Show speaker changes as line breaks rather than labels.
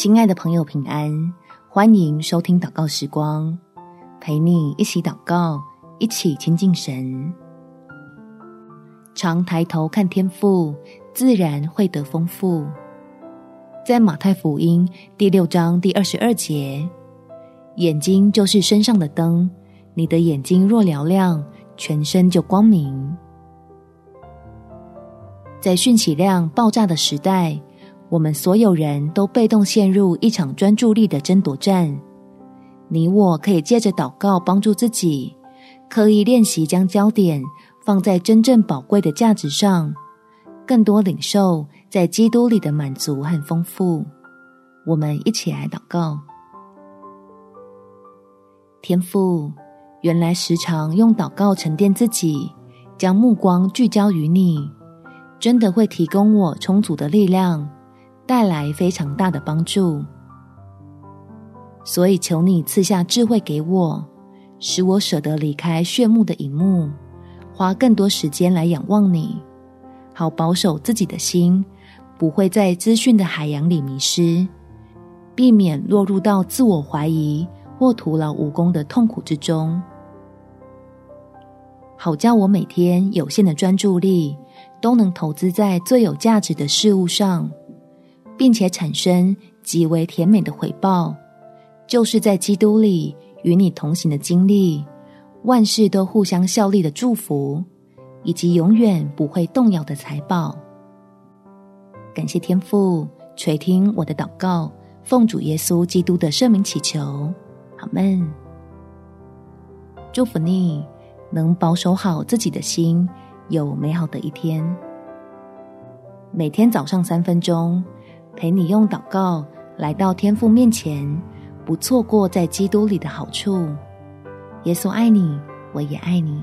親愛的朋友，平安！歡迎收聽禱告時光，陪你一起禱告，一起親近神。常抬頭看天父，自然會得豐富。在馬太福音第六章第二十二節，眼睛就是身上的燈，你的眼睛若瞭亮，亮，全身就光明。在訊息量爆炸的時代，我們所有人都被動陷入一場專注力的爭奪戰。你我可以借着禱告幫助自己，刻意練習將焦點放在真正寶貴的價值上，更多領受在基督裡的滿足和豐富。我們一起來禱告。天父，原來時常用禱告沉澱自己，將目光聚焦於你，真的會提供我充足的力量，帶來非常大的幫助，所以求你賜下智慧給我，使我捨得離開炫目的熒幕，花更多時間來仰望你，好保守自己的心，不會在資訊的海洋裡迷失，避免落入到自我懷疑或徒勞無功的痛苦之中，好叫我每天有限的專注力都能投資在最有價值的事物上。並且產生極為甜美的回報，就是在基督裡與你同行的經歷，萬事都互相效力的祝福，以及永遠不會動搖的財寶。感謝天父垂聽我的禱告，奉主耶穌基督的聖名祈求，阿們。祝福你能保守好自己的心，有美好的一天。每天早上三分鐘。陪你用禱告來到天父面前，不錯過在基督裡的好處。耶穌愛你，我也愛你。